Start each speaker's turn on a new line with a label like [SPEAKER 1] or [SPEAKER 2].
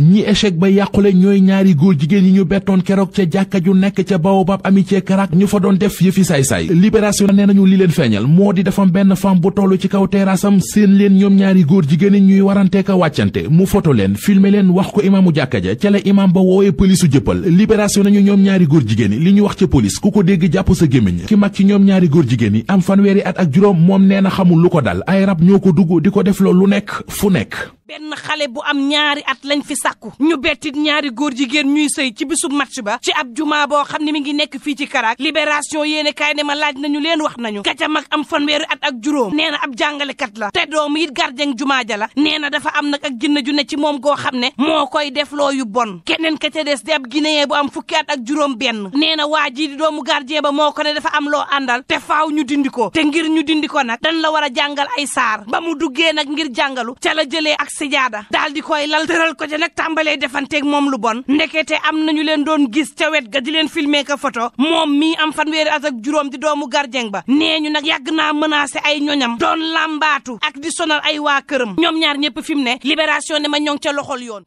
[SPEAKER 1] ñi échec ba yàqule ñooy ñaari góor jigéen yi ñu bettoon keroog ca jàkka ju nekk ca Baobab amitié karak ñu fa doon def yëfi saay-saay libération nee nañu li leen feeñal moo di dafa benn femme bu toll ci kaw terasam seen leen ñoom ñaari góor jigéen ñuy warante ka wàccante mu foto leen filmer leen wax ko imaamu jàkka ja ca la imaam ba woowee polisu jëppal libération nañu ñoom ñaari góor jigéen yi li ñu wax ca police ku ko dégg jàpp sa gémmiñ ki mag ci ñoom ñaari jigéen yi am fanweeri at ak juróom moom nee na ko dal rab ñoo ko dugg di ko def loolu lu nekk fu nekk
[SPEAKER 2] benn xale bu am ñaari at lañ fi sàkku ñu bettit ñaari góor jigéen ñuy sëy ci bisub match ba ci ab jumaa boo xam ne mi ngi nekk fii ci Karak libération yéene kaay ne ma laaj nañu leen wax nañu kaca mag am fanweeri at ak juróom nee na ab jàngalekat la te doom it gardien jumaa ja la nee na dafa am nag ak jinne ju ne ci moom goo xam ne moo koy def loo yu bon keneen ka ca des di ab guinéen bu am fukki at ak juróom benn nee na waa ji di doomu gardien ba moo ko ne dafa am loo àndal te faaw ñu dindi ko te ngir ñu dindi ko nag dañ la war a jàngal ay saar ba mu duggee nag ngir jàngalu ca la jëlee ak sijaada daal di koy lal tëral ko ja nag tàmbalee defanteeg moom lu bon ndekete am nañu leen doon gis ca wet ga di leen filmer ka photo moom mii am fanweeri at ak juróom di doomu gardien ba nee ñu nag yàgg naa menacé ay ñoñam doon lambaatu ak di sonal ay waa këram ñoom ñaar ñëpp fi mu ne libération ne ma ñoŋ ca loxol yoon